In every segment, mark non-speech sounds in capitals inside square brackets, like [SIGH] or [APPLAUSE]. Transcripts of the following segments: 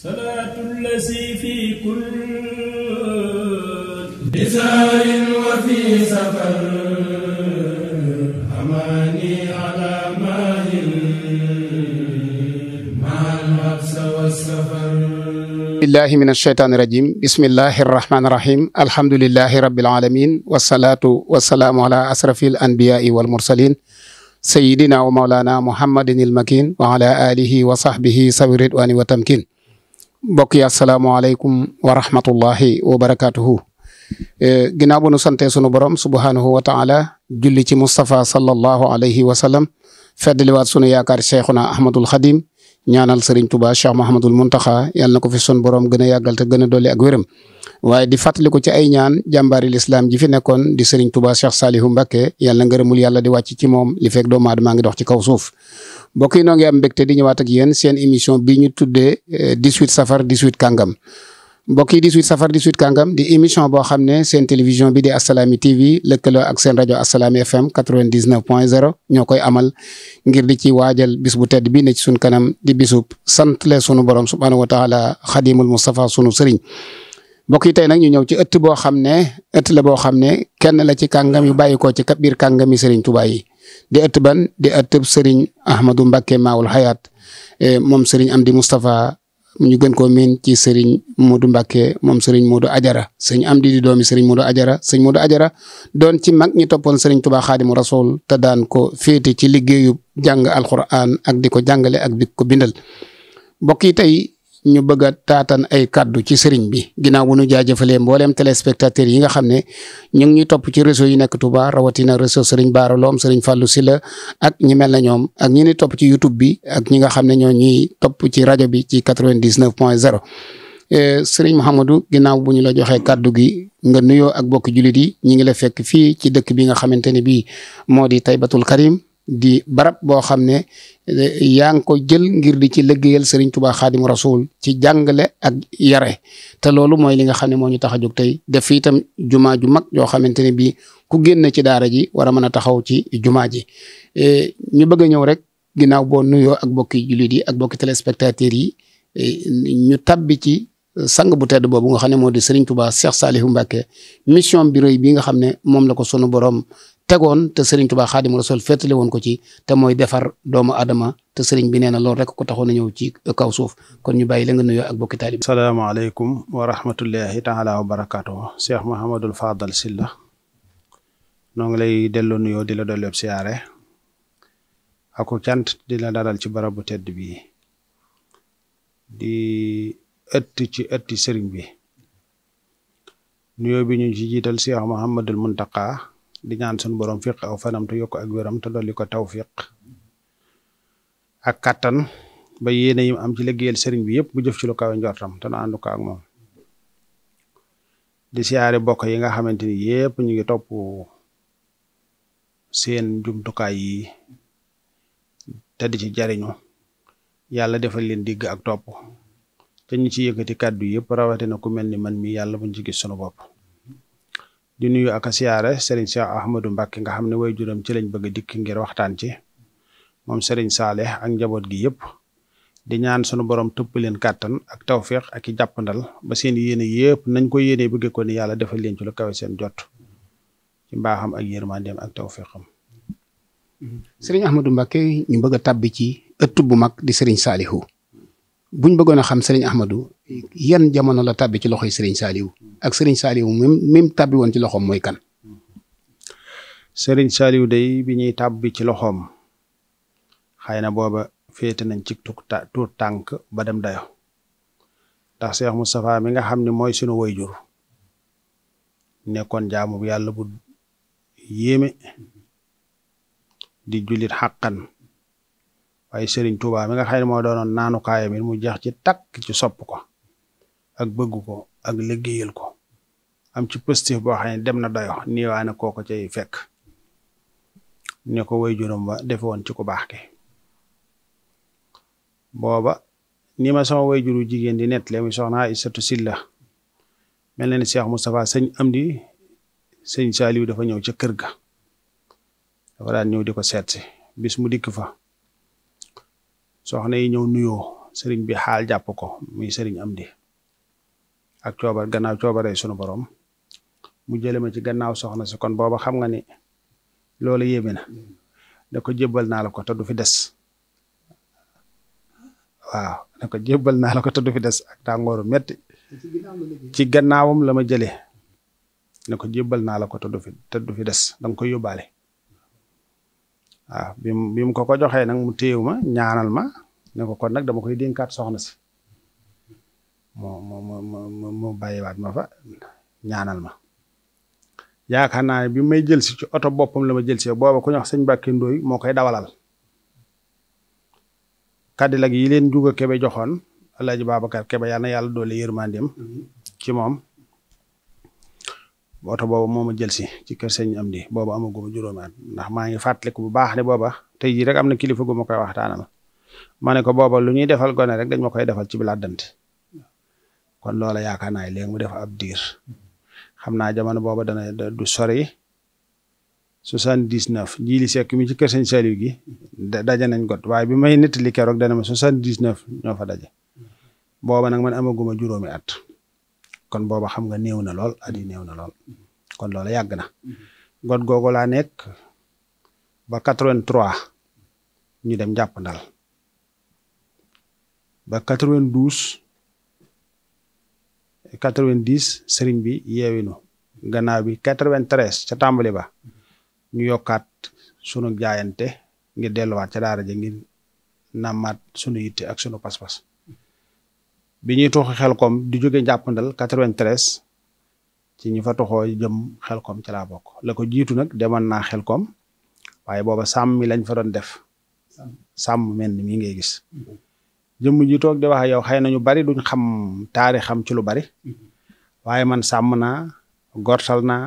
salaatu llazi fi kulli bisaarin wa fi safar amaani ala maahin maal mabsa wa safar billahi min asheytaani rajim bismillahi arrahmaani arrahim alhamdulillahi rabbil alamin wasalaatu wasalaamu ala asrafil anbiyaai wal mursalin sayidina wa maulana muhammadin il makin wa ala alihi wa sahbihi sawi ridwani wa tamkin mbokk yi asalaamaaleykum wa rahmatullahi wa barakaatuhu. E, ginnaaw bu sante sunu borom subhaanahu wa taala julli ci Moustapha sallallahu alayhi wa sallam feddliwaat sunu yaakaar cheikhuna Ahmadul Xadim ñaanal Serigne Touba Cheikh Mahamadul Muntaxa yàlla na ko fi sun borom gën a yàggal te gën a dolli ak wéram waaye di fàttaliku ci ay ñaan jàmbaari lislaam ji fi nekkoon di Serigne Touba Cheikh Salihu Mbacke yàlla na mul yàlla di wàcc ci moom li fekk doomu aadama ngi dox ci kaw suuf. mbokk yi noo ngi am di ñëwaat ak yéen seen émission bi ñu tuddee 18 eh, safar 18 kàngam mbokk yi 18 safar 18 kàngam di émission boo xam ne seen télévision bi di Assalaamy TV lëkkaloo ak seen rajo Assalaamy FM 99 point 0 ñoo koy amal ngir di ci waajal bis bu tedd bi ne ci suñ kanam di bisub sant le sunu borom subhaanahu wa taala xadimul Mustafa sunu sëriñ mbokk yi tey nag ñu ñëw ci ëtt boo xam ne ëtt la boo xam ne kenn la ci kàngam yu bàyyi ko ci biir kàngami sëriñ Tuubaa yi a ëtt ban a ëttëb sëriñ Ahmadou Mbacke Maawul Hayaat e, moom sëriñ Amdi Moustapha ñu gën koo miin ci sëriñ Modou Mbacke moom sëriñ Modou Ajara sëriñ Amdi di doomi sëriñ Modou Ajara sëriñ Modou Ajara doon ci mag ñi toppoon sëriñ Tuubaa Xaadimu Rasuul te daan ko féete ci liggéeyub jàng alquran ak di ko jàngale ak di ko bindal mbokk yi ñu bëgg a taatan ay kàddu ci sëriñ bi ginnaaw bu ñu jaajëfalee mbooleem téléspectateurs yi nga xam ne ñu ngi topp ci réseau yi nekk Touba rawatina réseau sëriñ Baara Loom sëriñ Fallou Silla ak ñi mel na ñoom ak ñi topp ci YouTube bi ak ñi nga xam ne ñoo ñuy topp ci rajo bi ci 99 point 0. Eh, sëriñ Mouhamadou ginnaaw bu ñu la joxee kàddu gi nga nuyoo ak bokk jullit yi ñi ngi la fekk fii ci dëkk bi nga xamante ne bii moo di Taybatul Karim. di barab boo xam ne eh, yaa ngi ko jël ngir di ci liggéeyal Serigne Touba Xaadimu Rasul ci jàngale ak yare te loolu mooy li nga xam ne moo ñu tax a jóg tey def fi itam jumaa ju mag yoo xamante ne bii ku génn ci daara ji war a mën a taxaw ci jumaa ji eh, ñu bëgg a ñëw rek ginnaaw boo nuyoo ak bokki jullit yi ak bokki téléspectateurs yi eh, ñu tabbi ci sang bu boobu nga xam ne moo di Serigne Touba Cheikh Saliou Mbacké mission nga xam ne moom la ko sunu boroom tegoon te Serigne Touba Xaadimu Rasuul féetale woon ko ci te mooy defar doomu aadama te sëriñ bi nee na loolu rek ko taxoon a ñëw ci kaw suuf kon ñu bàyyi la nga nuyoo ak bokki taalib. salaamaaleykum wa rahmatullahi taala wa barakaatuh Cheikh Mouhamadul Fadal Silla noo ngi lay delloo nuyoo di la delloo siyaare aku cant di la dalal ci barabu tedd bi di ëtt ci ëtti sëriñ bi nuyoo bi ñu ci jiital Cheikh Mouhamadul Muntaqa di ñaan sunu borom fiq aw fanam te yokk ak wéram te dolli ko tawfiq ak kattan ba yéene yi am ci liggéeyal sëriñ bi yëpp mu jëf ci lu kawe njortam te na ànd ak moom di siyaare bokk yi nga xamante ni yëpp ñu ngi topp seen jumtukaay yi te di ci jariñu yàlla defal leen digg ak topp te ñu ci yëkkati kàddu yëpp na ku mel ni man mi yàlla buñ ci gis sunu bopp di nuyu ak a siyaare Serigne Cheikh Ahmadou Mbacke nga xam ne way juróom ci lañ bëgg dikk ngir waxtaan ci moom Serigne saale ak njaboot gi yëpp di ñaan sunu borom tëpp leen kàttan ak tawféex ak i jàppandal ba seen yéene yëpp nañ ko yéene bëgge ko yàlla defal leen ci la kawe seen jot ci mbaxam ak yërmandeem ak tawféexam. Serigne Ahmadou Mbacke ñu bëgg a tàbbi ci ëtt bu mag di Serigne Salihu. buñ bëggoon a xam sëriñ Ahmadou yan jamono la tàbbi ci loxoy Serigne Saliou ak sëriñ Saliou même même tàbbi woon ci loxoom mooy kan. Serigne Saliou day bi ñuy tàbbi ci loxoom xëy na booba féete nañ ci tuur tànk ba dem dayo ndax Cheikh Moustapha mi nga xam ne mooy sunu woyjur nekkoon jaamu yàlla bu yéeme di jullit xàqan waaye sëriñ Touba mi nga xam ne moo doonoon naanukaayam it mu jeex ci takk ci sopp ko ak bëgg ko ak liggéeyal ko am ci positif boo xam ne dem na doyo niiwaane kooko cay fekk ne ko way juróom ba ci ku baax ke booba ni ma sama way juru jigéen di nettali muy soxna Aïssatou Silla mel na ni Cheikh Moustapha sëñ Amdi sëñ Saliou dafa ñëw ca kër ga dafa daan ñëw di ko seet si bis mu dikk fa soxna yi ñëw nuyoo sëriñ bi xaal jàpp ko muy sëriñ am di ak coobar gannaaw coobaree sunu borom mu jële ma ci gannaaw soxna si kon booba xam nga ni loolu yéeme na ne ko jébbal naa la ko te du fi des waaw ne ko jébbal naa la ko te du fi des ak tàngooru metti ci gannaawam la ma jëlee ne ko jébbal naa la ko te te du fi des danga koy yóbbaale waaw bi mu mu ko ko joxee nag mu téew ma ñaanal ma ne ko kon nag dama koy dénkaat soxna si moo moo moo moo bàyyiwaat ma fa ñaanal ma yaakaar naa ne bi may jël si ci oto boppam la ma jël si booba ku ñuy wax sëñ Mbàkke moo koy dawalal Cadillac yi leen Juga Kebe joxoon Alaaji Babacar Kebe yàlla na yàlla doole yërmandeem ci moom ba oto boobu moo ma jël si ci kër sëñ am di boobu amaguma juróomi at ndax maa ngi fàttaliku bu baax ne booba tey jii rek am na kilifa gu ma koy waxtaana ma ne ko booba lu ñuy defal gone rek dañ ma koy defal ci bi laddante kon loola yaakaar naa léegi mu defa ab diir xam naa jamono booba dana du sori soixante-dix-neuf jiili sekk mi ci kër sëñ Saliou gi daja nañ got waaye bi may nettali keroog dana ma soixante-dix-neuf ñoo fa daje booba nag man amaguma juróomi at kon booba xam nga néew na lool at yi mm-hmm. néew na lool kon loolu yàgg na mm-hmm. got googu laa nekk ba 83 ñu dem jàpp ndal ba 92 90 sëriñ bi yeewinu gannaaw bi 93 ca tàmbali ba mm-hmm. ñu yokkaat sunu jaayante ngi delluwaat ca daara ja ngir nàmmaat sunu yitte ak sunu pas-pas bi ñuy xel koom di jóge njàppandal 93 ci ñi fa toxoo jëm xelkom ci laa bokk la ko jiitu nag demoon naa koom waaye booba sàmm mi lañ fa doon def sàmm mel ni mi ngay gis jëmm ji toog di wax yow xëy na ñu bari duñ xam taari xam ci lu bari waaye man sàmm naa gortal naa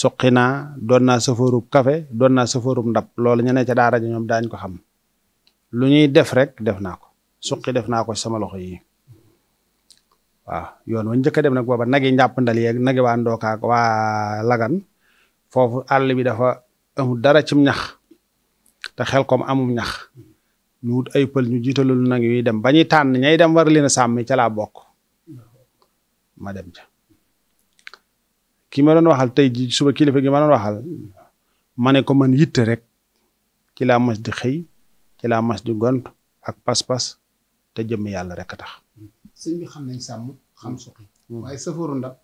suqi naa doon naa safarub café doon naa safarub ndab lool ñu ne ca daara ji ñoom daañ ko xam lu ñuy def rek def naa ko suqi def naa ko sama loxo yi waaw yoon wa njëkk a dem nag ba nag yi njàppandal yeeg nag yi waa Ndookaak Lagan foofu àll bi dafa amul dara cim ñax te xel kom amum ñax ñu wut ay pël ñu jiitalul nag yuy dem ba ñuy tànn ñay dem war leen a sàmmi ca laa bokk ma dem ca ki ma doon waxal tey ji suba kilifa gi ma doon waxal ma ne ko man yitte rek kila laa mas di xëy kila mas di gont ak pas-pas te jëmm yàlla rek a tax sëñ bi xam nañ sàmm xam mm. suqi mm. ay sëfooru ndab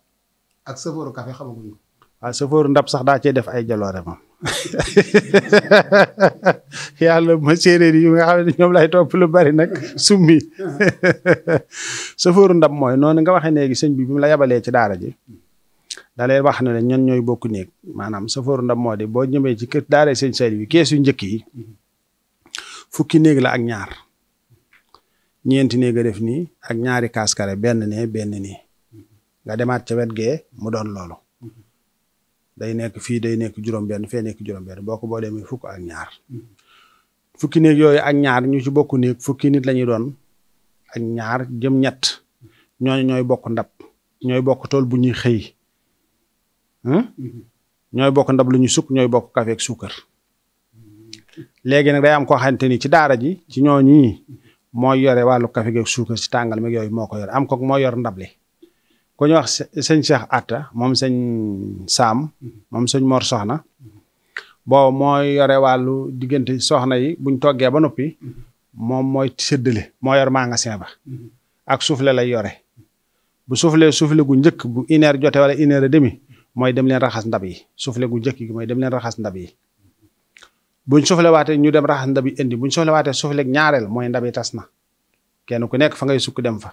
ak sëfooru café xamaguñ ko waaw ah, sëfooru ndab sax daa cee def ay jaloore moom [LAUGHS] yàlla ma séeréer yi nga xam ne ñoom lay topp lu bari nag summi [LAUGHS] sëfooru ndab mooy noonu nga waxee léegi sëñ bi bi la yabalee ci daara ji da wax ne ne ñun ñooy bokk néeg maanaam sëfooru ndab moo di boo ñëmee ci kër daara sëñ Saliou bi keesu njëkk yi mm-hmm. fukki néeg la ak ñaar ñeenti néeg ga def nii ak ñaari kaas benn ne benn ni nga demaat ca wet gee mu doon loolu day nekk fii day nekk juróom-benn fee nekk juróom-benn boo ko boo fukk ak ñaar fukki néeg yooyu ak ñaar ñu ci bokk néeg fukki nit la doon ak ñaar jëm ñett ñooñu ñooy bokk ndab ñooy bokk tool bu ñuy xëy ñooy bokk ndab lu ñu sukk ñooy bokk kafe ak suukar nag day am koo ni ci daara ji ci ñooñi moo yore wàllu kafe geeg suukar si tàngal meeg yooyu moo ko yore am ko moo yor ndab li ku wax sëñ Cheikh Atta moom sëñ Saam moom sëñ Mor Soxna boobu mooy yore wàllu diggante soxna yi buñ toggee ba noppi moom mooy seddale moo yor magasin ba ak soufflé lay yore bu soufflé suufle gu njëkk bu une jote jotee wala une heure demi mooy dem leen raxas ndab yi suufle gu njëkk gi mooy dem leen raxas ndab yi buñ suflewaatee ñu dem raxas ndab yi indi buñ suflewaatee sufleeg ñaareel mooy ndab yi tas na kenn ku nekk fa ngay sukk dem fa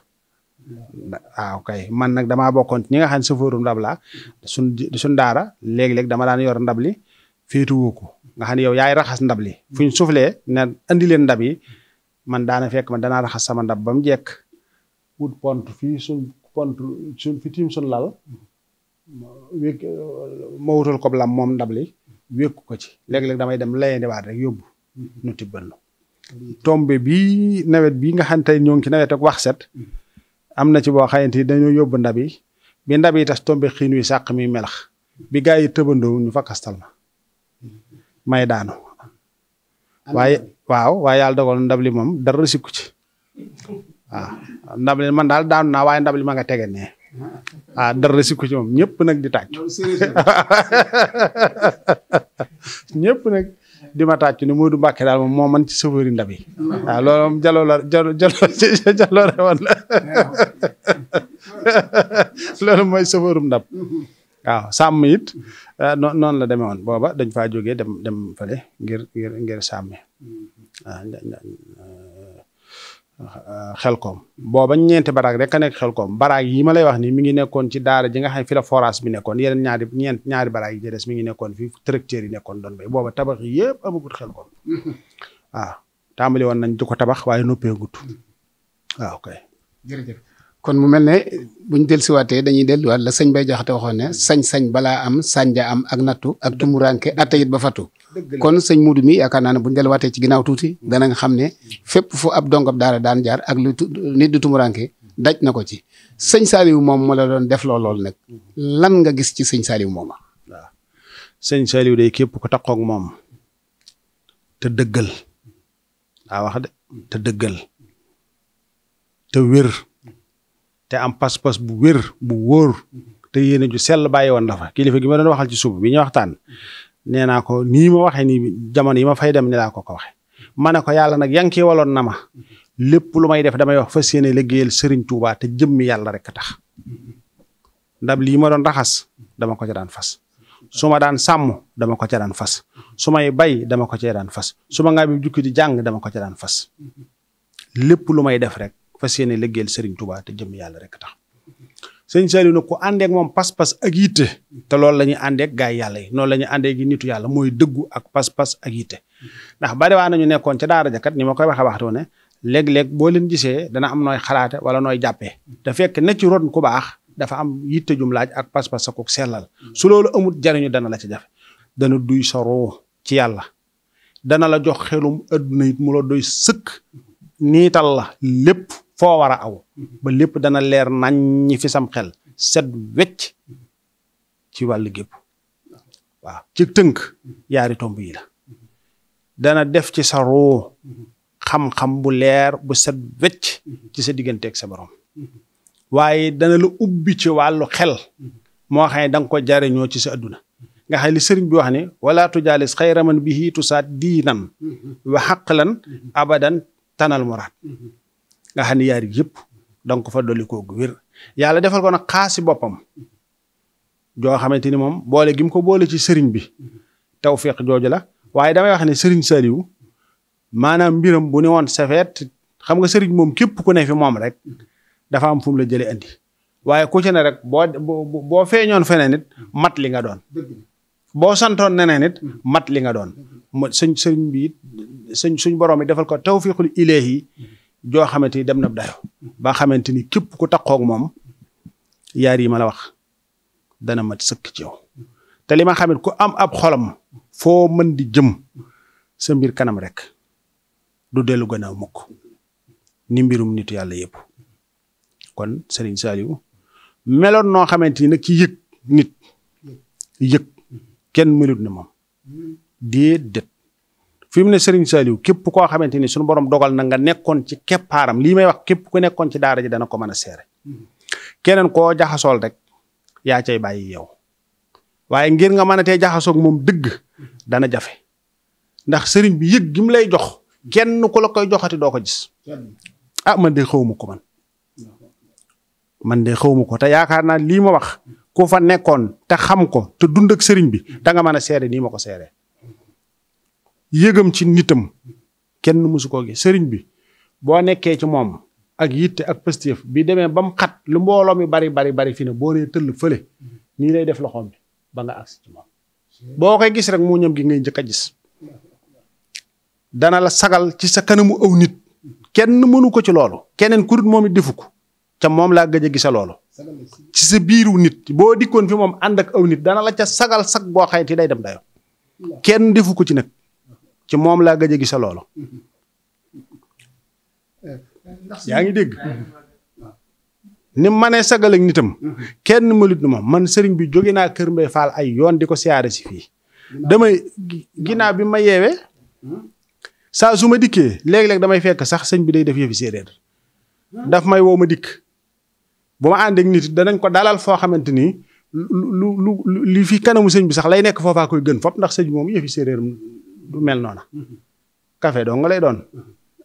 waaw ah, kay man nag damaa bokkoon ñi nga xam ne sëfooru ndab la suñ suñ daara léeg-léeg dama daan yor ndab li féetuwoo ko nga xam ne yow yaay raxas ndab li fu ñu suflee ne andi leen ndab yi man daana fekk man danaa raxas sama ndab ba mu jekk wut fii suñ pont suñ suñ lal ma wutal ko lam moom ndab li wékku ko ci léeg-léeg damay dem layandiwaat rek yóbbu mm-hmm. nu tibbandu tombe bii nawet bii nga xam te ñoo ngi ci nawet ak wax set mm-hmm. am na ci boo xamante ni dañoo yóbbu ndab yi bi ndab yi tas tombe xiin wi sàq mi melax bi gaa yi tëbandoo ñu fakkastal ma mm-hmm. may daanu waaye waaw waaye yàlla dogal ndab li moom dara sikku ci [LAUGHS] waaw ndab li man daal daanu naa waaye ndab li ma nga tege nee ah dara si ci moom ñëpp nag di tàcc [LAUGHS] ñëpp nag di ma tàcc ne Modou Mbacke daal moom moo man ci safari ndab yi ah, [LAUGHS] waaw [LAUGHS] loolu mooy safarum ndab waaw sàmm it ah, noon noonu la demee woon booba dañ fa jóge dem dem fële ngir ngir ngir sàmmi ah, xel koom booba ñeenti baraag rek a nekk xel koom baraag yi ma lay wax ni mi ngi nekkoon ci daara ji nga xam fi la forage bi nekkoon yeneen ñaari ñeent ñaari baraag yi ci des mi ngi nekkoon fi tracteurs yi nekkoon doon bay booba tabax yi yëpp amagut xel koom [LAUGHS] waaw tàmbali woon nañ di ko tabax waaye noppeegut hmm. waaw kay. jërëjëf kon mu mel ne buñ dellusiwaatee dañuy delluwaat la sañ Bay Jaxate waxoon ne sañ-sañ balaa am sànja am ak nattu ak tumuraanke attayit ba fatu kon sëñ Muudu mi yaakaar naa ne buñu delluwaatee ci ginnaaw tuuti mm. dana nga xam ne fépp fu ab dongab daara daan jaar ak lu nit du tumuranke daj na ko ci sëñ Saliou moom moo la doon def lool nag lan nga gis ci sëñ Saliou mooma sëñ Saliou day képp ko takkook moom te dëggal a wax de te dëggal te wér te am pas-pas bu wér bu wóor te yéene ju sell bàyyi woon dafa kilifa gi ma doon waxal ci suuf bi ñu waxtaan nee naa ko nii ma waxee nii jamono yi ma fay dem ni laa ko ko waxee ma ne ko yàlla nag yanki waloon na ma lépp lu may def damay wax fas yéene liggéeyal Serigne Touba te jëmmi yàlla rek a tax ndab lii ma doon raxas dama ko ca daan fas su ma daan sàmm dama ko ca fas su may bay dama ko cee fas suma ma ngaa jukki di jàng dama ko ca daan fas lépp lu may def rek fas yéene liggéeyal Serigne Touba te jëmmi yàlla rek a tax sëñ Saliou nag ku àndeek moom pas-pas ak yitte te loolu la ñuy àndeek gaay yàlla yi noon la ñuy àndeek yi nitu yàlla mooy dëggu ak pas-pas ak yitte ndax bari waa nañu nekkoon ca daara ja ñu ma koy waxe waxtu ne léeg-léeg boo leen gisee dana am nooy xalaate wala nooy jàppee te fekk na ci ron ku baax dafa am yitte jum laaj ak pas-pas ak sellal su loolu amut jariñu dana la ci jafe dana duy sa ci yàlla dana la jox xelum adduna it mu la doy sëkk niital la foo war a aw mhm. ba lépp dana leer naññ fi sam xel set wecc ci wàll gépp mhm. waaw ci tënk mhm. yaari tomb yi la dana def ci sa ruu xam-xam bu leer bu set wecc ci sa digganteeg sa borom waaye dana la ubbi ci wàllu xel moo xam ne da ko jariñoo ci sa adduna nga xam li sëriñ bi wax ne wala tujaalis xayraman bihi sa diinan wa xaqlan abadan tanal muraad nga xam ne yaar yëpp danga ko fa dolli koo gu wér yàlla defal ko nag si boppam joo xamante ni moom boole gim ko boole ci sëriñ bi tawféex jooju la waaye damay wax ne sëriñ Saliou maanaam mbiram bu ne woon safeet xam nga sëriñ moom képp ku ne fi moom rek dafa am fu la jëlee andi waaye ku ci ne rek boo boo feeñoon feneen nit mat li nga doon. boo santoon neneen nit mat li nga doon. sëñ sëriñ bi it sëñ suñ borom bi defal ko tawféexul ilaahi joo xamante ni dem na dayo ba xamante ni képp ku taqoog moom yaar yi ma la wax dana mat sëkk ci yow te li ma xamit ku am ab xolam foo mën di jëm sa mbir kanam rek du dellu gannaaw mukk ni mbirum nit yàlla yëpp kon Serigne Saliou meloon noo xamante ni nag ci yëg nit yëg kenn melut ne moom déedéet fi mu ne Serigne Saliou képp koo xamante ni suñu borom dogal na nga nekkoon ci keppaaram lii may wax képp ku nekkoon ci daara ji dana ko mën a seere koo jaxasool rek yaa cay bàyyi yow waaye ngir nga mën a tee jaxasoog moom dëgg dana jafe ndax sëriñ bi yëg gi lay jox kenn ku la koy joxati doo ko gis ah man de xawma ko man man de xawma ko te yaakaar naa lii ma wax ku fa nekkoon te xam ko te dund ak sëriñ bi da nga mën a seere nii ma ko seeree yëgam ci nitam kenn mësu koo gi sëriñ bi boo nekkee ci moom ak yitte ak pëstéef bi demee ba mu xat lu mbooloo mi bari bari bari fi ne boo nee tëll fële nii lay def loxoom bi ba boo koy gis rek moo ñam gi ngay njëkk a gis dana la sagal ci sa kanamu aw nit kenn mënu ko ci loolu keneen kurit moom it defu ko ca moom laa gëj a gisa loolu ci sa biiru nit boo dikkoon fi moom ànd ak aw nit dana la ca sagal sag boo xayti day dem dayo kenn defu ko ci nag ci moom laa gëj a gisa loolu yaa ngi dégg ni manee sagal ak nitam kenn mënut ma man sëriñ bi jóge naa Kër Mbay Fall ay yoon di ko siyaare si fii damay ginnaaw bi ma yeewee saa su ma dikkee léeg-léeg damay fekk sax sëñ bi day def yëfi séeréer daf may woo ma dikk bu ma ànd ak nit danañ ko dalal foo xamante ni lu lu lu li fi kanamu sëñ bi sax lay nekk foofaa koy gën foofu ndax sëñ bi moom yëfi séeréer du mel noona café doo nga lay doon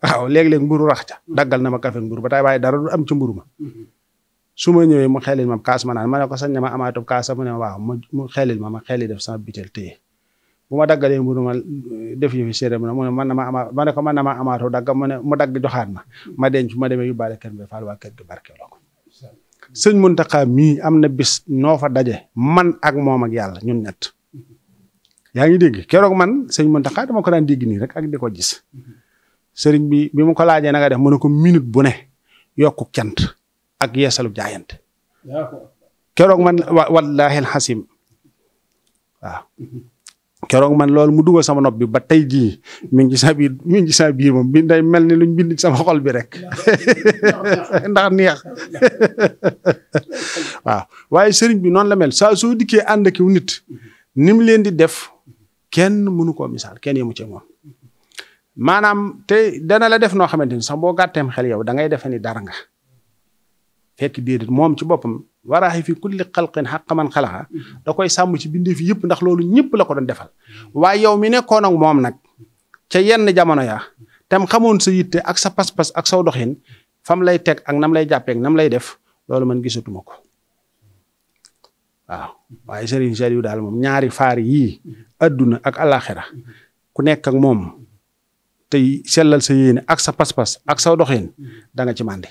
waaw léeg-léeg mburu rax ca daggal na ma kafe mburu ba tey waaye dara du am ci mburu ma su ma ñëwee mu xelil ma kaas ma naan ma ne ko sañ na ma amaatub kaas mu ne ma waaw mu xelil ma ma xelil def sama bitel téye bu ma daggalee mburu ma def yëfi séeréer mu ne man na ma amaat ma ne ko man na ma amaatoo dagg mu ne dagg joxaat ma ma denc ma demee yóbbaale kër bi faal waa kër gi barkeeloo ko sëñ Muntaxa mii am na bis noo fa daje man ak moom ak yàlla ñun ñett yaa ngi dégg keroog man sëñ Mountakha dama ko daan dégg nii rek ak di ko gis sëriñ bi bi mu ko laajee na nga def mu ne ko minute bu ne yokku cant ak yeesalu jaayante keroog man wallaahi alxasim waaw keroog man loolu mu dugal sama nopp bi ba tey jii mi ngi ci sa biir mi ngi biir moom bi day mel ni luñ bind sama xol bi rek [LAUGHS] ndax neex [LAUGHS] waaw waaye sëriñ bi noonu la mel saa soo dikkee ànd ak nit ni mu leen di def kenn mënu koo misaal kenn yemu ci moom maanaam te dana la def noo xamante ni sax boo gàtteem xel yow dangay ngay defe ni dara nga fekk biir moom ci boppam waraaxi fi kulli xalqin xaq man da koy sàmm ci bindee fi yëpp ndax loolu ñëpp la ko doon defal waaye yow mi nekkoon ak moom nag ca yenn jamono ya tam xamoon sa yitte ak sa pas-pas ak saw doxin fam lay teg ak nam lay jàppee nam lay def loolu man gisatuma ko waaw waaye sëriñ Saliou daal moom ñaari faar yii adduna ak alaxira ku nekk ak moom tey sellal sa yéene ak sa pas-pas ak sa doxin danga nga ci màndi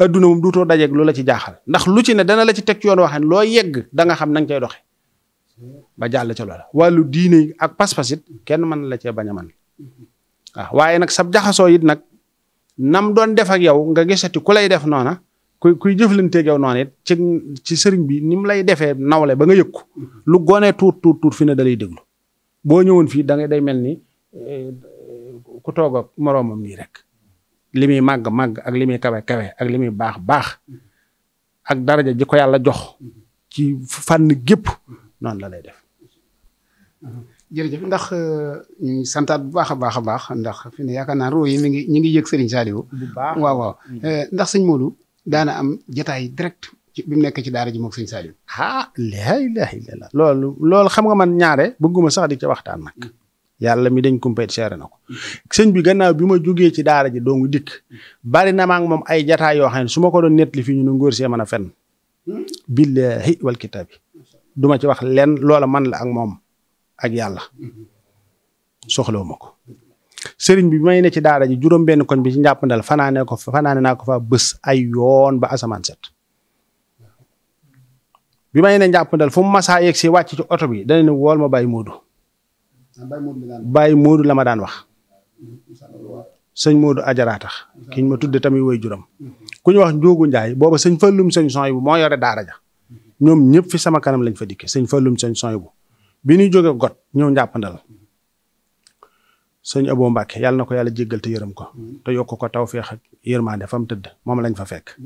adduna moom dutoo dajeeg lu la ci jaaxal ndax lu ci ne dana la ci teg yoon waxen loo yegg da nga xam na nga cay doxe ba jàll ca loola wàllu diine ak pas-pas kenn mën la cee bañ a mën waaw waaye nag sa jaxasoo it nag nam doon def ak yow nga gisati ku lay def noona kuy kuy jëflanteeg yow noonu it ci ci sëriñ bi ni mu lay defee nawle ba nga yëg lu gone tuut tuut tuut fi ne da lay déglu boo ñëwoon fii da ngay day mel ni eh, ku toog ak moroomam nii rek li muy màgg màgg ak li muy kawe kawe ak li muy baax baax ak daraja ji yàlla jox ci fànn gépp noonu la lay def. jërëjëf ndax eh, ñu santaat bu baax a baax a baax ndax fi ne yaakaar naa roo yi mi ngi ñu ngi yëg Serigne Saliou. bu baax mm. eh, ndax sëñ Modou. daana am jataay direct ci bi ci daara ji mook sëñ saa ah laa ilaaha illallaah loolu loolu xam nga man ñaare bëgguma sax di ca waxtaan nag. Mm. yàlla mi dañ kumpay seere na ko sëñ bi gannaaw bi ma jógee ci daara ji doo ngi dikk bari na ma ak moom ay jataay yoo xam ne su ma ko doon nettali fii ñu nu ngóor see mën a fenn mm. billaahi wal kitaab bi du ci wax leen loola man la ak moom ak yàlla mm-hmm. soxlawuma ko sëriñ bi may ne ci daara ji juróom-benn koñ bi ci njàppandal fanaane ko fanaane naa ko fa bés ay yoon ba asamaan set bi may ne njàppandal fu mu masaa yegg si wàcc ci oto bi dana ne wool ma bàyyi Moodu bàyyi Moodu la ma daan wax sëñ Moodu ajaraata kiñ ma tudde tamit woy juróom ku ñu wax Njóogu Njaay booba sëñ Fallum sëñ Soy bu moo yore daara ja ñoom ñëpp fi sama kanam lañ fa dikke sëñ Fallum sëñ Soy bu bi ñuy jóge got ñëw njàppandal sëñ Abo Mbàkke yàlla na ko yàlla jéggal te yërëm ko mm. te yokk ko tawféex ak yërmande fa tëdd moom lañ fa fekk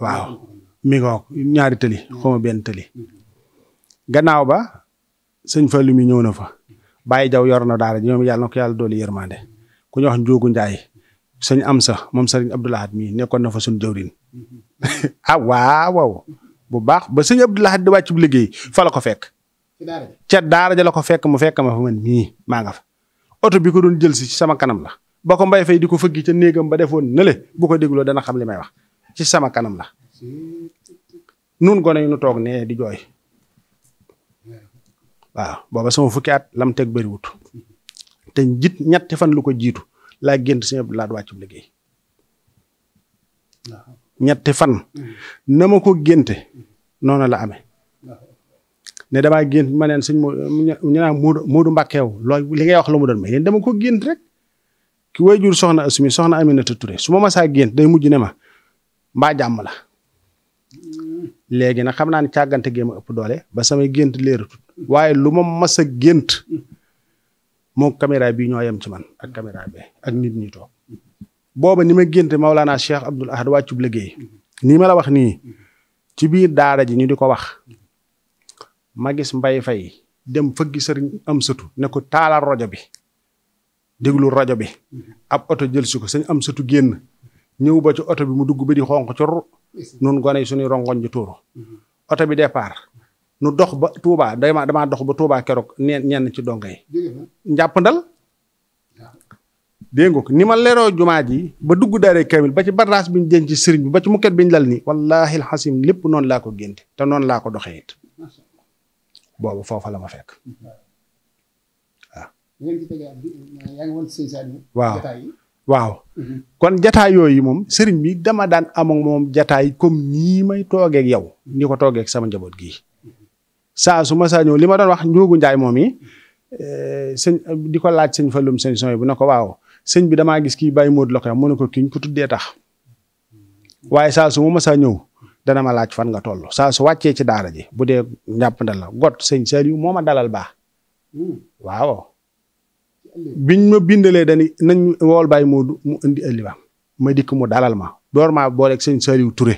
waaw mi nga ñaari tëli mm. xawma benn tëli mm. gannaaw ba sëñ Fallu mi ñëw na fa bàyyi jaw yor na daara ñoom yàlla na ko yàlla dooli yërmande ku ñu wax Njóogu Njaay sëñ am sa moom sëriñ Abdoulahat mii nekkoon na fa suñ jëwrin mm-hmm. [LAUGHS] ah bu baax ba sëñ Abdoulahat di wàcc bu liggéey fa la ko fekk ca daara ja la ko fekk mu fekk ma fa man maa nga fa oto bi ko doon jël si ci sama kanam la ba ko mbay fay di ko fëggi ca néegam ba defoon nële bu ko dégloo dana xam li may wax ci sama kanam la nun gone yu nu toog nee di jooy waaw booba sama fukki at lam teg bariwut te jit ñetti fan lu ko jiitu laa gént si ñëpp laat wàccu liggéey ñetti fan na ma ko génte noonu la ame ne damaa gént ma neen suñ ñu naan Moodu mbakkew Mbàkkeew li ngay wax la mu doon mais yéen dama ko gént rek ki way jur soxna asumi soxna Aminata Touré su ma masaa gént day mujj ne ma mbaa jàmm la léegi nag xam naa ne càggante gee ma ëpp doole ba samay gént leeratut waaye lu ma mas gént moom caméra bii ñoo yem ci man ak caméra bi ak nit ñi toog booba ni ma génte Maulana Cheikh Abdoul Ahad wàccub liggéey nii ma la wax nii ci biir daara ji ñu di ko wax ma gis mbay fay dem fëggi sëriñ am sëtu ne ko taalal rajo bi déglu rajo bi ab oto jël si ko sëñ am sëtu génn ñëw ba ci oto bi mu dugg bi di xonq cor nun gone yi suñuy rongoñ ji tuuru oto bi départ nu dox ba Touba dama damaa dox ba Touba keroog neen ñenn ci donga yi njàpp ndal dégg nga ni ma leroo jumaa ji ba dugg daaree kamil ba ci baraas bi ñu ci sëriñ bi ba ci mukket bi ñu lal nii wallaahi alxasim lépp noonu laa ko génte te noon laa ko doxee boobu foofa la ma fekk waaw. waaw mhm. kon jataay yooyu moom sëriñ bi dama daan am moom jataay comme nii may toogeek yow ni ko toogeek sama njaboot gi saa su ma saa ñëw li ma doon wax njuugu njaay moom yi eh, sëñ di ko laaj sëñ Falloum sëñ son bu ne ko waaw sëñ bi damaa gis kii bàyyi Modou Lokoy mu ne ko kiñ ko tuddee tax mhm. waaye saa su ma saa ñëw dana ma laaj fan nga toll saa su wàccee ci daara ji bu dee njàpp na la got sëñ Saliou moo ma dalal baax hmm. waaw biñ ma bindalee dani nañ wool bàyyi mu indi ëllibaam ma dikk mu dalal ma door maa booleeg sëñ Saliou Touré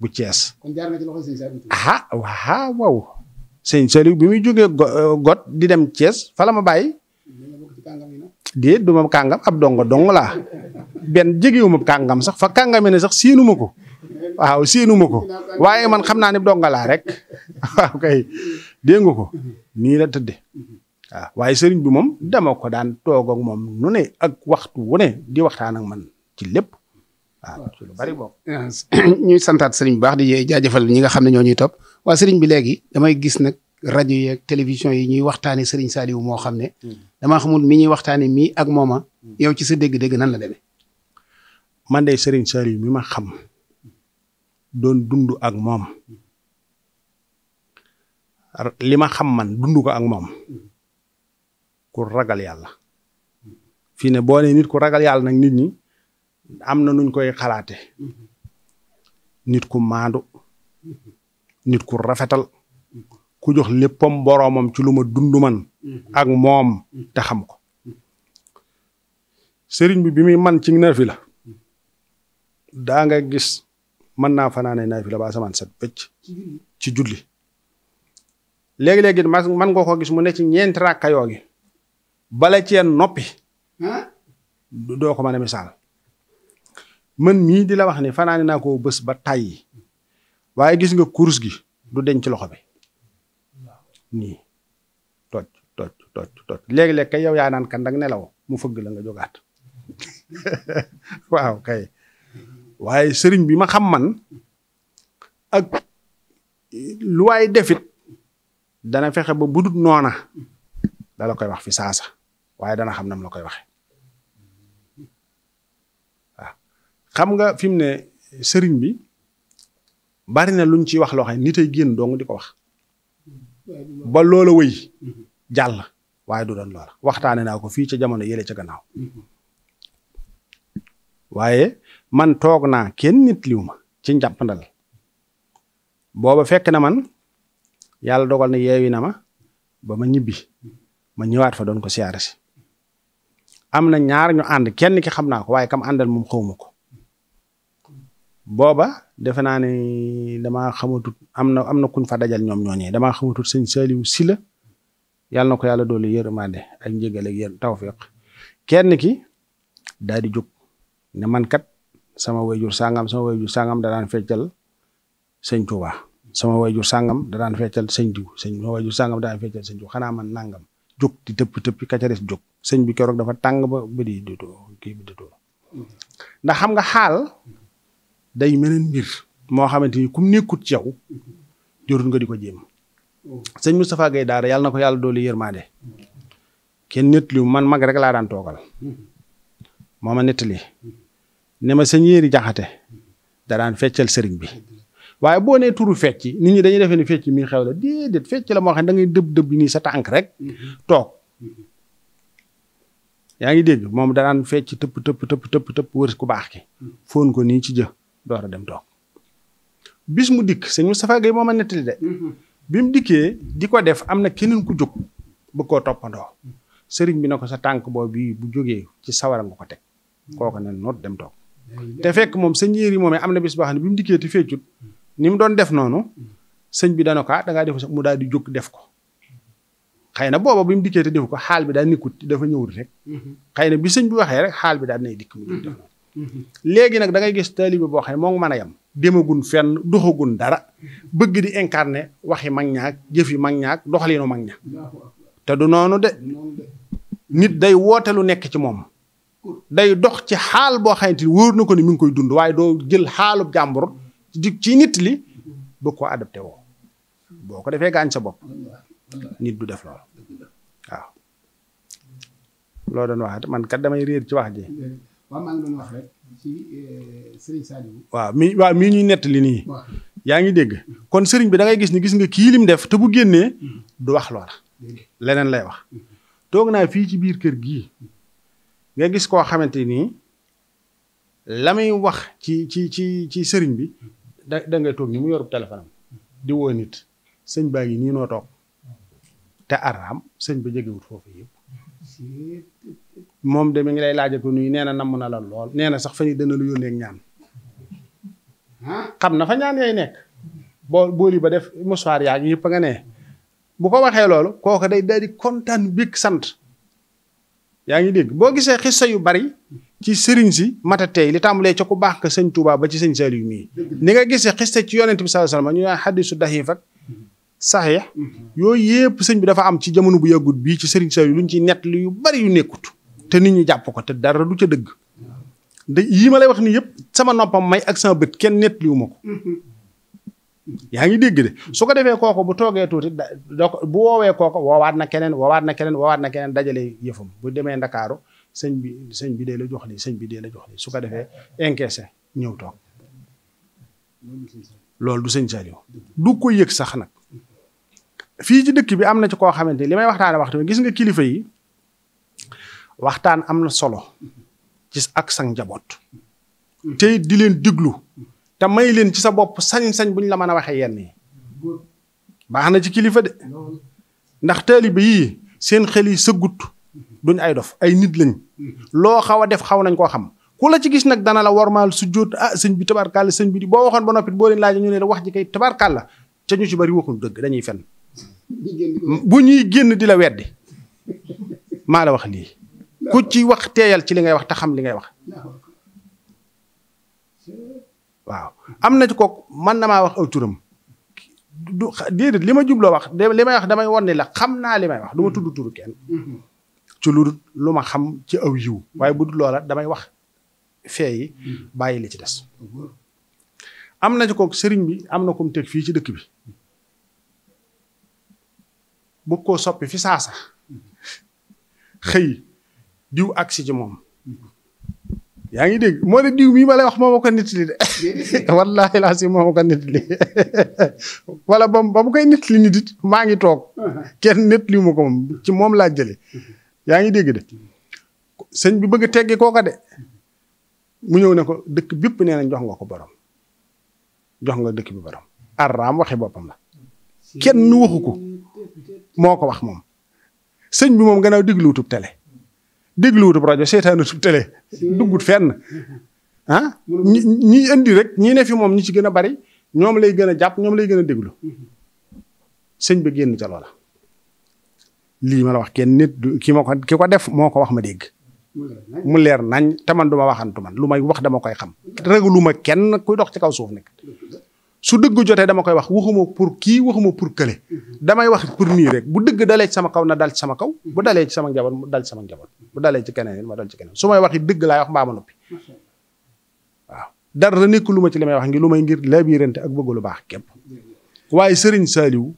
bu Cees kon jaar na waaw waaw sëñ bi muy jógee euh, got di dem Cees fa la ma bàyyi déet du ma kàngam ab dongo dong laa [LAUGHS] benn jegewuma kàngam sax fa kàngame ne sax siinuma ko waaw séenuma ko waaye man xam naa ne donga laa rek [LAUGHS] waaw kay nga ko nii la tëdde waaw waaye sëriñ bi moom dama ko daan toog moom nu ne ak waxtu wu ne di waxtaan ak man ci lépp lu bari bokk ah, [COUGHS] ñuy santaat sëriñ bu baax di jaajëfal ñi nga xam ne ñoo ñuy topp waa sëriñ bi léegi damay gis nag rajo yi ak yi ñuy waxtaane sëriñ Saliou moo xam ne hmm. damaa xamul mi ñuy waxtaane mii ak mooma hmm. yow ci sa dégg-dégg nan la demee man de sëriñ Saliou mi ma xam doon dund ak moom li ma xam man dund ko ak moom ku ragal yàlla fii ne boo ne nit ku ragal yàlla nag nit ñi am na nuñ koy xalaate nit ku maandu nit ku rafetal ku jox léppam boroomam ci lu ma dund man ak moom te xam ko sëriñ bi bi muy man ci nafila daa nga gis mën naa fanaane naa la ba asamaan set bëcc ci julli léegi-léegi ma man ngoo ko gis mu ne ci ñeenti rakka yoo gi bala ceen noppi doo ko mën a misaal man mii di la wax ni fanaane naa ko bës ba tàyyi waaye gis nga kurus gi du deñ ci loxo bi nii toj toj toj léegi-léeg kay yow yaa naan kan dag nelaw mu fëgg la nga jógaat [LAUGHS] waaw kay waaye sëriñ bi ma xam man ak lu waay defit dana fexe ba budut noona dala koy wax fi saasa waaye dana xam nam la koy waxe xam nga fi mu ne sëriñ bi bari na luñ ciy wax loo nit ay génn dong di ko wax ba loola wëy jàll waaye du doon loola waxtaane naa ko fii ca jamono yële ca gannaaw mm-hmm. waaye man toog naa kenn nit liw ma ci njàppandal booba fekk na man yàlla dogal na yeewi na ma ba ma ñibbi ma ñëwaat fa doon ko siyaare si am na ñaar ñu ànd kenn ki xam naa ko waaye kam àndal moom xawma ko booba defe naa ne damaa xamatut am na am na kuñ fa dajal ñoom ñooñee damaa xamatut sëñ Saliou sila yàlla na ko yàlla doolu yërmande ak njéggal ak yër tawfiq kenn ki daal di ne man kat sama wayjur sàngam sama wayjur sàngam da daan feccal sëñ Tuubaa sama wayjur sàngam da daan feccal sëñ diw sëñ sama wayjur sàngam da daan feccal sëñ diw xanaa man nangam jóg di tëpp tëpp ka ca des jóg sëñ bi keroog dafa tàng ba ba di ditoo kii ndax xam nga xaal day meneen mbir moo xamante ni kum nekkut ci yow jorul nga di ko jéem sëñ Moustapha Guèye Daara yàlla na ko yàlla doolu yërmaande kenn nettali man mag rek laa daan toogal moo ma nettali ne ma sëñ Yéri Jaxate daraan feccal sëriñ bi waaye boo nee turu fecc nit ñi dañuy defee ni fecc mi xew la déedéet fecc la moo xam ne da dëb dëb nii sa tànk rek toog yaa ngi dégg moom danaan fecc tëpp tëpp tëpp tëpp tëpp wër ku baax ki foon ko nii ci jë door a dem toog bis mu dikk sëñ Moustapha Gueye moo ma nettali de bi mu dikkee di ko def am na keneen ku jóg bëgg koo toppandoo sëriñ bi na ko sa tànk boobu bi bu jógee ci sawara nga ko teg kooku ne noot dem toog te fekk moom sëñ yéeri moom am na bis boo xam ne bi mu dikkee te feccut ni mu doon def noonu sëñ bi dana ko ah, da ngaa def sax mu daal di jóg def ko xëy na booba bi mu dikkee te def ko xaal bi daal nikkut dafa ñëwul rek xëy na bi sëñ bi waxee rek xaal bi daal nay dikk mu jóg léegi nag dangay ngay gis taalibe boo xam ne moo mën a yem demagun fenn doxagun dara bëgg di incarner waxi mag ñaak jëfi mag ñaak doxalinu mag ña te du noonu de nit day woote lu nekk ci moom day dox ci xaal boo xamante ni wóor na ko ni mi ngi koy dund waaye doo jël xaalub jàmbur ci nit li bëgg ko adapté woo boo ko defee gaañ sa bopp nit du def loolu waaw. loo doon wax man kat damay réer ci wax ji. waaw maa eh, waaw mi waaw mii ñuy nettali nii. yaa ngi dégg kon sëriñ bi dangay gis ni gis nga kii lim def te bu génnee du wax loola leneen lay wax toog naa fii ci biir kër gii. nga gis koo xamante nii la muy wax ci ci ci ci sëriñ bi da da toog ni mu yorub téléphone am di woo nit sëñ baa ngi nii noo toog te araam sëñ ba jegewut foofu yëpp moom de mi ngi lay laajatu nuyu nee na namm na la lool nee na sax fa ni dana lu yónnee ñaan xam na fa ñaan yay nekk boo booli ba def mouchoir yaa ngi yëpp nga ne bu ko waxee loolu kooku day daal di kontaan big sant yaa ngi dégg boo gisee xissa yu bari ci sëriñ si mata tey li tàmbulee ca ku baax ka sëñ Touba ba ci sëñ Saliou nii ni nga gisee xissa ci yonent bi sallallahu alayhi wasallam ñu naan xadisu daxiif ak saxiix yooyu yëpp sëñ bi dafa am ci jamono bu yàggut bii ci sëriñ Saliou lu ñu ci nett li yu bari yu nekkut te nit ñu jàpp ko te dara du ca dëgg yii ma lay wax ni yëpp sama noppam may ak sama bët kenn nett liwu ma ko yaa ngi dégg de su ko defee kooku bu toogee tuuti da bu woowee kooko woowaat na keneen woowaat na keneen woowaat na keneen dajale yëfam bu demee ndakaaru sëñ bi sëñ bi dee la jox lii sëñ bi dee la su ko defee encaissé ñëw toog loolu du sëñ Saliou du ko yëg sax nag fii ci dëkk bi am na ci koo xamante li may waxtaane waxtu gis nga kilifa yi waxtaan am na solo ci ak sang njaboot te di leen déglu te may leen ci sa bopp sañ-sañ bu ñu la mën a waxee yenn yi baax na ci kilifa de ndax taalibe yii seen xel yi sëggut duñ ay dof ay nit lañ loo xaw a def xaw nañ koo xam ku la ci gis nag dana la warmaal su jóot ah sëñ bi tabarkàlla sëñ bi di boo waxoon ba noppit boo leen laajee ñu ne wax ji kay tabarkàlla te ñu ci bari waxul dëgg dañuy fen bu ñuy génn di la weddi maa la wax lii ku ci wax teeyal ci li ngay wax te xam li ngay wax waaw am na ci kooku man na maa wax aw turam du déedéet li ma jubloo wax li may wax damay won ne la xam naa li may wax du ma tudd turu kenn mm-hmm. ci lu lu ma xam ci aw yiw waaye bu du loola damay wax fee mm-hmm. bàyyi li ci des am na ci kooku sëriñ bi am na ko mu teg fii ci dëkk bi bu ko soppi fi saasa mm-hmm. xëy diw agsi ci moom yaa ngi dégg moo ne diw mii ma lay wax moo ma ko nettali de [LAUGHS] wallaahi laa si moo ma ko nettali [LAUGHS] wala ba ba mu koy nettali nit it maa ngi toog [LAUGHS] kenn nettali ma ko moom ci moom laa jëlee yaa ngi dégg de sëñ bi bëgg a teggi kooka de mu ñëw ne ko dëkk bépp nee nañ jox nga ko borom jox nga dëkk bi borom arraam waxi boppam la kenn waxu ko moo ko wax moom sëñ bi moom gannaaw dégluwutub tele dégluwutub rajo seetaanutub télé duggut fenn ah ñi ñi indi rek ñi ne fi moom ñi ci gën a bari ñoom lay gën a jàpp ñoom lay gën a déglu sëñ bi génn ca loola lii ma la wax kenn nit du ki ma ko ki ko def moo ko wax ma dégg mu leer nañ te man du ma waxantu man lu may wax dama koy xam ragalu ma kenn kuy dox ci kaw suuf nag su dëgg jotee dama koy wax waxuma pour kii waxuma pour kële damay wax pour nii rek bu dëgg dalee ci sama kaw na dal ci sama kaw bu dalee ci sama njaboot mu dal ci sama njaboot bu dalee ci keneen ma dal ci keneen su may waxi dëgg laay wax mbaa ma noppi waaw dara nekk lu ma ci li may wax ngi lu may ngir labirante ak bëgg lu baax képp waaye sëriñ Saliou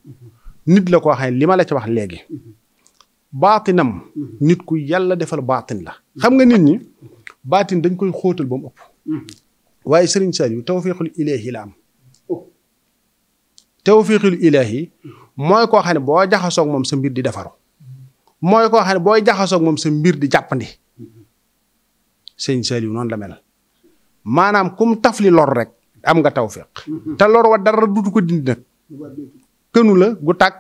nit la koo xam ne li ma la ci wax léegi baatinam nit ku yàlla defal baatin la xam nga nit ñi baatin dañ koy xóotal ba mu ëpp mm-hmm. waaye sëriñ Saliou tawfeexul ilaahi la am tawfiqul ilahi mooy koo xam ne boo jaxasoog moom sa mbir di defaru mooy koo xam ne booy jaxasoog moom sa mbir di jàppandi sëñ Saliou noonu la mel maanaam kum tafli lor rek am nga tawfiq te lor wa dara du ko dindi nag kënu la gu tàkk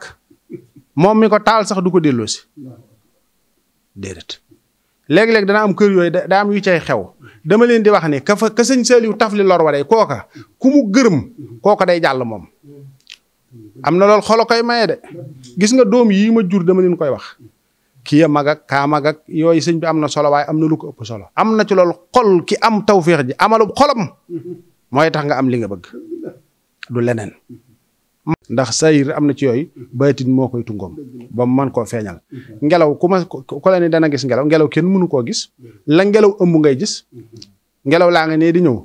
moom mi ko taal sax du ko delloosi déedéet léeg-léeg dana am kër yooyu da am yu cay xew dama leen di wax ne ka fa ka sëñ Saliou tafli lor wa day kooka ku mu gërëm kooka day jàll moom am na loolu xolo koy maye de gis nga doom yii ma jur dama leen koy wax kii a mag ak kaa mag yooyu sëñ bi am na solo waaye am na lu ko ëpp solo am na ci lool xol ki am tawféex ji amalu xolam mooy tax nga am li nga bëgg du leneen ndax sayir am na ci yooyu baytin moo koy tungoom ba mu mën koo feeñal ngelaw ku ma ku la ne dana gis ngelaw ngelaw kenn mënu koo gis la ngelaw ëmb ngay gis ngelaw laa nga nee di ñëw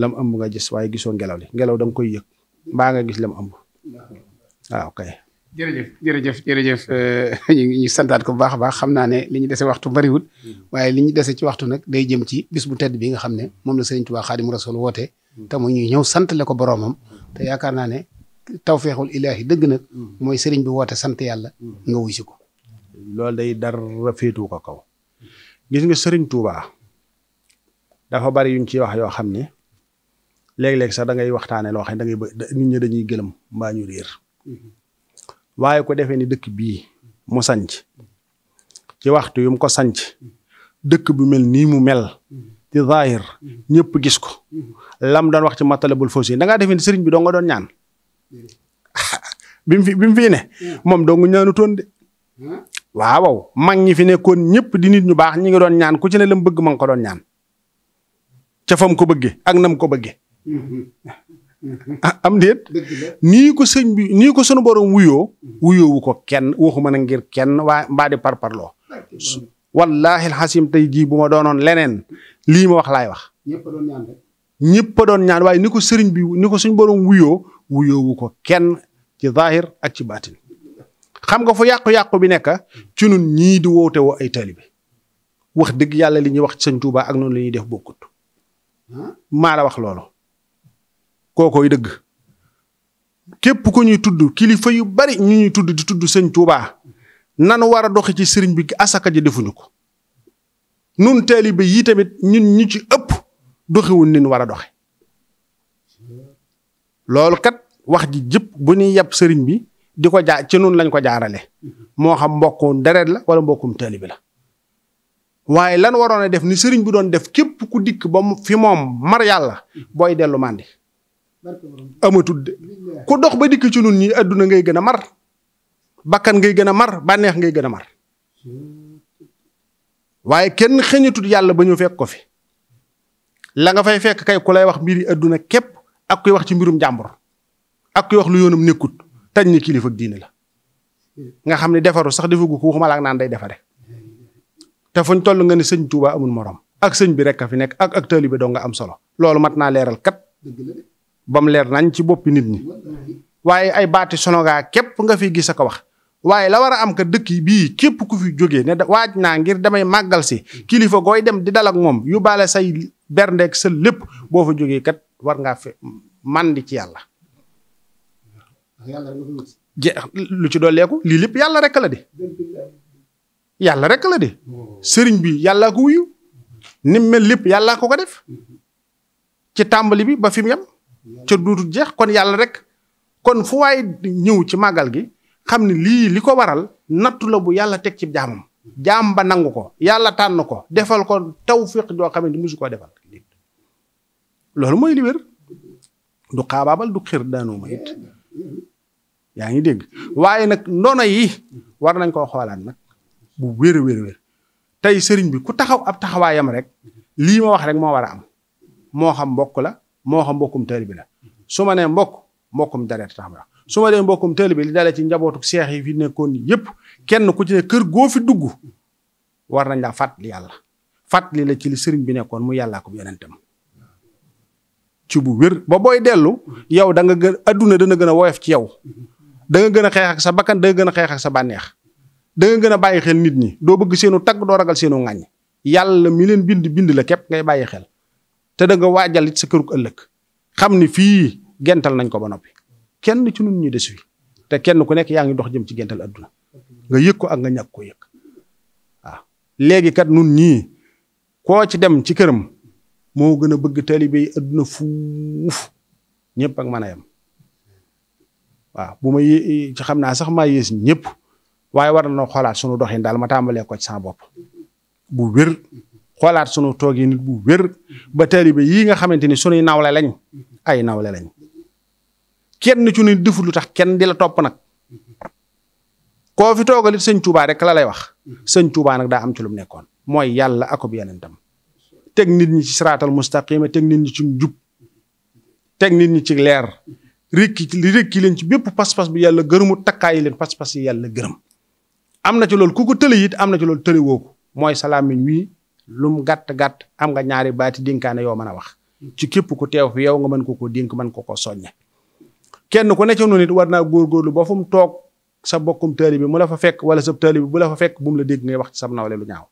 lam ëmb nga gis waaye gisoo ngelaw li ngelaw da koy yëg mbaa nga gis lam ëmb waaw ah, kay. jërëjëf jërëjëf jërëjëf euh, [LAUGHS] ñu ngi santaat ko bu baax a baax xam naa ne li ñu dese waxtu bariwul hmm. waaye li ñu dese ci waxtu nag day jëm ci bis bu tedd bi nga xam ne moom la Sëriñ Tuubaa Xaadimu Rasuul woote hmm. te mu ñuy ñëw santale ko boroomam hmm. te yaakaar naa ne tawfeexul ilaahi dëgg nag mooy sëriñ bi woote sant yàlla nga wuy si ko loolu day dara féetu ko kaw gis nga Sëriñ Tuubaa dafa bari yuñ ci wax yoo xam ne léeg-léeg sax dangay ngay waxtaanee loo dangay ne da ngay nit ñi dañuy gëlëm mbaa ñu réer waaye ko defee ni dëkk bii mu sanc ci waxtu yu ko sanc dëkk bu mel nii mu mel ci zaahir ñëpp gis ko lam doon wax ci matalabul fawsi da ngaa defee ni sëriñ bi doo nga doon ñaan [LAUGHS] bi mu fi ne moom doo nga ñaanu de waaw mag ñi fi nekkoon ñëpp di nit ñu baax ñu ngi doon ñaan ku ci ne lam bëgg ma nga ko doon ñaan ca fam ko bëgge ak nam ko bëgge [LAUGHS] Ah, am déet nii ko sëñ bi nii ko sunu borom wuyoo wuyoowu ko kenn waxuma na ngir kenn waa mbaa di parparloo wallaahi alxasim tey jii bu ma doonoon leneen lii ma wax laay wax ñëpp doon ñaan waaye ni ko sëriñ bi ni ko suñ borom wuyoo wuyoowu ko kenn ci zaahir ak ci baatin xam nga fu yàqu-yàqu bi nekk ci nun ñii di woote woo ay bi wax dëgg yàlla li ñuy wax ci sëñ Tuubaa ak noonu lañuy ñuy def bokkut ah. maa la wax loolu kookooy dëgg képp ku ñuy tudd kilifa yu bari ñu ñuy tudd di tudd sëñ Tuubaa nanu war a doxe ci sëriñ bi asaka ji defuñu ko nun taalibe yi tamit ñun ñu ci ëpp doxewuñ nin war a doxe loolu kat wax ji jëpp bu ñuy yab sëriñ bi di ko jaar ci nun lañ ko jaarale moo xam mbokkum deret la wala mbokkum taalibe la waaye lan waroon a def ni sëriñ bi doon def képp ku dikk ba fi moom mar yàlla booy dellu màndi amatul de ku dox ba dikk ci nun ñi àdduna ngay gën a mar bakkan ngay gën a mar bànneex ngay gën a mar waaye kenn xëñatul yàlla ba ñëw fekk ko fi la nga fay fekk kay ku lay wax mbiri àdduna képp ak kuy wax ci mbirum jàmbur ak kuy wax lu yoonum nekkut tañ ni kilifa ak diine la nga xam ne defaru sax defagu ko waxuma la naan day defare te fuñ toll nga ne sëñ Tuuba amul morom ak sëñ bi rek a fi nekk ak ak taalibe doo nga am solo loolu mat naa leeral kat ba leer nañ ci boppi nit ñi waaye ay baati sonogaa képp nga fi gis ak wax waaye la war a am ka dëkk bii képp ku fi jógee ne waaj naa ngir damay màggal si kilifa gooy dem di dal moom yu yóbbaale say berndeek sa lépp boo fa jógee kat war ngaa fe màndi ci yàlla. lu ci dooleeku lii lépp yàlla rek la de. rek la sëriñ bi yàllaa ko wuyu. ni mel lépp yàllaa ko ko def. ci tàmbali bi ba fi mu ca duutul jeex kon yàlla rek kon fu waay ñëw ci màggal gi xam ne lii li ko waral nattu la bu yàlla teg ci jaamam jaam ba nangu ko yàlla tànn ko defal ko tawfiq doo xam ne musu koo defal loolu mooy li du xaabaabal du xir daanu it yaa ngi dégg waaye nag ndono yi war nañ koo xoolaat nag bu wér a wér tey sëriñ bi ku taxaw ab taxawaayam rek lii ma wax rek moo war a am moo xam mbokk la moo xam mbokkum taalibe la su ma nee mbokk mbokkum deret tax su ma dee mbokkum taalibe li dalee ci njabootu seex yi fi nekkoon yépp kenn ku ci ne kër goo fi dugg war nañ laa fàttali yàlla fàttali la ci li sëriñ bi nekkoon mu yàllaa ko yonentam ci bu wér ba booy dellu yow da nga gën àdduna dana gën a woyof ci yow da gën a xeex sa bakkan da gën a xeex sa bànneex da gën a bàyyi xel nit ñi doo bëgg seenu tagg doo ragal seenu ŋàññ yàlla mi leen bind bind la képp ngay bàyyi xel te da nga waajal it sa kërug ëllëg xam ni fii gental nañ ko ba noppi kenn ci nun ñu des fi te kenn ku nekk yaa ngi dox jëm ci gental adduna nga yëg ko ak nga ñàkk ko yëg waaw léegi kat nun ñii koo ci dem ci këram moo gën a bëgg taalibe yi adduna fuuf ñépp ak mën a yem waaw bu ma ci xam naa sax maa yées ñëpp waaye war na noo xoolaat sunu doxin daal ma tàmbalee ko ci sama bopp bu wér xoolaat sunu toogee nit bu wér ba taalibe yii nga xamante ni sunuy nawle lañ ay nawle lañ kenn ci nu defut lu tax kenn di la topp nag koo fi toogal it sëñ Tuubaa rek la lay wax sëñ Tuubaa nag daa am ci lu mu nekkoon mooy yàlla akub yonentam teg nit ñi ci siraatal mustaqima teg nit ñi ci njub teg nit ñi ci leer rékki li rékki leen ci bépp pas-pas bi yàlla gërëmu takkaayi leen pas-pas yi yàlla gërëm am na ci loolu ku ko tële am na ci lool tële woo mooy lum gàtt-gàtt am nga ñaari baati dénkaane yoo man a wax ci képp ku teew fi yow nga mën ko ko dénk mën ko ko soññe kenn ku ne ci noonu war naa góorgóorlu ba fu mu toog sa bokkum taalibe bi mu la fa fekk wala sa taalibe bi bu la fa fekk bu la dégg ngay wax ci sam nawle lu ñaaw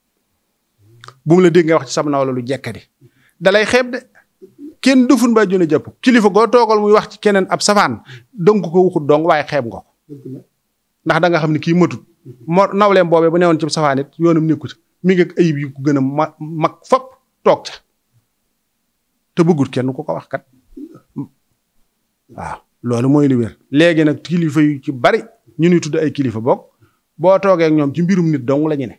bu la dégg ngay wax ci sam nawle lu jekkadi dalay xeeb de kenn dufun ba june jàpp kilifa goo toogal muy wax ci keneen ab safaan dong ko waxut dong waaye xeeb nga ndax da nga xam ne kii matut moo nawleem boobee bu newoon ci safaan it yoonum nekkut mi ngi ak ayib yu ko gën a ma mag fop toog ca te bëggul kenn ku ko wax kat waaw loolu mooy li wér léegi nag kilifa yu ci bari ñu ni tudd ay kilifa bokk boo toogee ñoom ci mbirum nit dong la ñu ne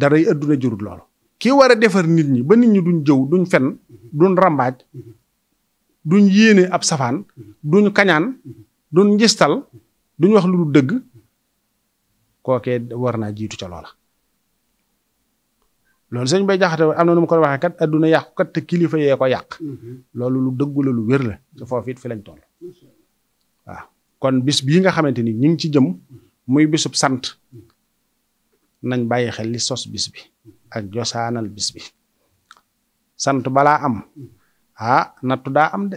daray adduna jurut loolu ki war defar nit ñi ba nit ñi duñ jëw duñ fen duñ rambaaj duñ yéene ab safaan duñ kañaan duñ njistal duñ wax lu dul dëgg kookee war naa jiitu ca loola loolu sëñ bay jaxate am na nu mu ko waxee kat adduna yàqu kat te kilifa yee ko yàq mm-hmm. loolu lu dëggu la lu wér la te foofu tool fi kon bis bii nga xamante ni ñu ngi ci jëm muy bisub sant nañ bàyyi xel li sos bis bi ak josaanal bis bi sant balaa am ah nattu daa am de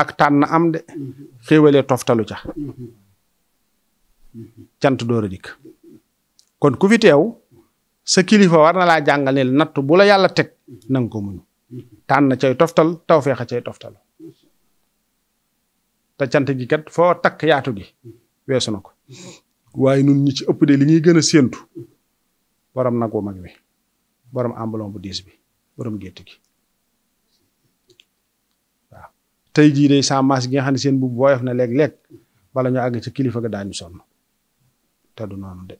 ak tànn am de mm-hmm. xéewalee toftalu ca mm-hmm. cant door a dikk kon ku fi teew sa kilifa war na laa jàngal ne natt bu la yàlla teg na ko muñ tànn cay toftal tawfeex a cay toftal te cant gi kat foo takk yaatu gi weesu na ko waaye nun ñi ci ëpp de li ñuy gën a séentu borom nag wu mag bi borom ambalon bu diis bi borom gétt gi waaw tey jii day saa maas gi nga xam ne seen bu booyof na léeg-léeg bala ñu àgg ci kilifa ga daañu sonn te du noonu de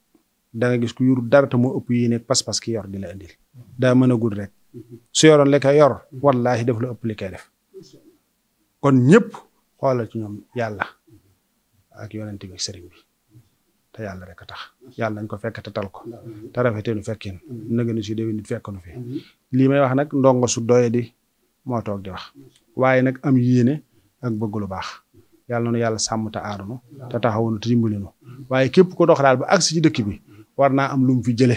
da nga gis ku yuru dara te moo ëpp yéene pas-pas ki yor di la indil daa mën a gudd rek su yoroon la koy yor wallaahi def la ëpp li koy def kon ñëpp xoolal ci ñoom yàlla ak yonent bi sëriñ bi te yàlla rek a tax yàlla nañ ko fekk te tal ko te rafetee nu fekkin na gën a si déwén nit fekk nu fi lii may wax nag ndongo su doye di moo toog di wax waaye nag am yéene ak bëgg lu baax yàlla na yàlla sàmm te aarunu te taxawunu te dimbalinu waaye képp dëkk bi war naa am lu fi jële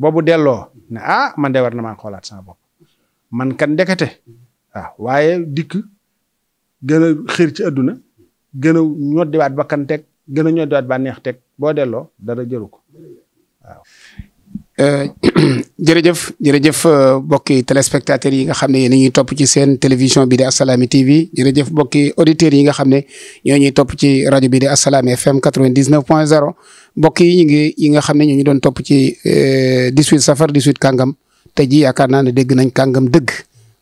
boobu delloo ne ah man de war na maa xoolaat saa bopp man kan ndekete waaw waaye dikk gën a xër ci àdduna gën a ñoddiwaat bakkan teg gën a ñoddiwaat bànneex teg boo delloo dara jëru ko waaw Euh, [CLEARS THROAT] jërëjëf jërëjëf euh, mbokki téléspectateurs yi nga xam ne yéen ñuy topp ci seen télévision bi di TV jërëjëf mbokki auditeurs yi nga xam ne ñoo ñuy topp ci rajo bi di Assalaamy FM 99.0 mbokk yi ngi yi nga xam ne ñoo ñu doon topp ci 18 euh, safar 18 kangam te ji yaakaar naa ne dégg nañ kàngam dëgg.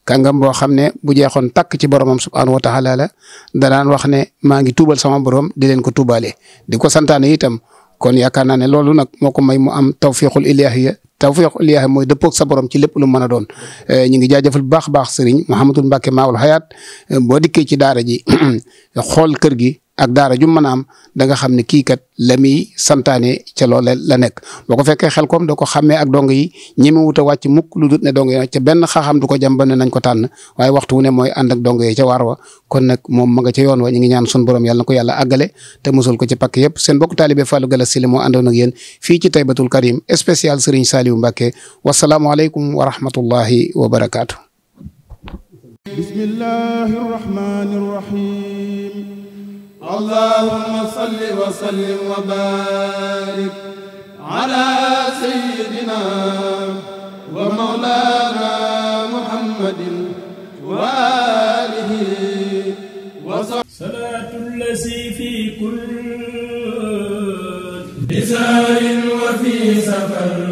kàngam boo xam ne bu jeexoon tàkk ci boromam subhaanahu wa taala la danaan wax ne maa ngi tuubal sama borom di leen ko tuubaale di ko santaane itam kon yaakaar naa ne loolu nag moo ko may mu am tawfiixul ilaahiya tawfiixul ilaahiya mooy dëppoog sa borom ci lépp lu mën a doon eh, ñu ngi jaajëfal bu baax a baax sëriñ Mouhamadul Mbacke Maawul Hayaat eh, boo dikkee ci daara ji [CLEARS THROAT] xool kër gi. ak daara ju mën a am da nga xam ne kii kat la muy santaane ca loola la nekk boo ko fekkee xel koom da ko xàmmee ak dong yi ñemewut a wàcc mukk lu dut ne dong yi ca benn xaaxam du ko jam ba ne nañ ko tànn waaye waxtu ne mooy ànd ak dong yi ca waar wa kon nag moom ma nga ca yoon wa ngi ñaan sun borom yàlla na ko yàlla àggale te musul ko ci pakk yëpp seen bokk taalibe Fallou Galass Syll moo àndoon ak yéen fii ci Taybatul Karim spécial Serigne Saliou Mbacké wasalaamualeykum wa rahmatullahi اللهم صل وسلم وبارك على سيدنا ومولانا محمد وآله وصحبه صلاة الذي في كل بزار وفي سفر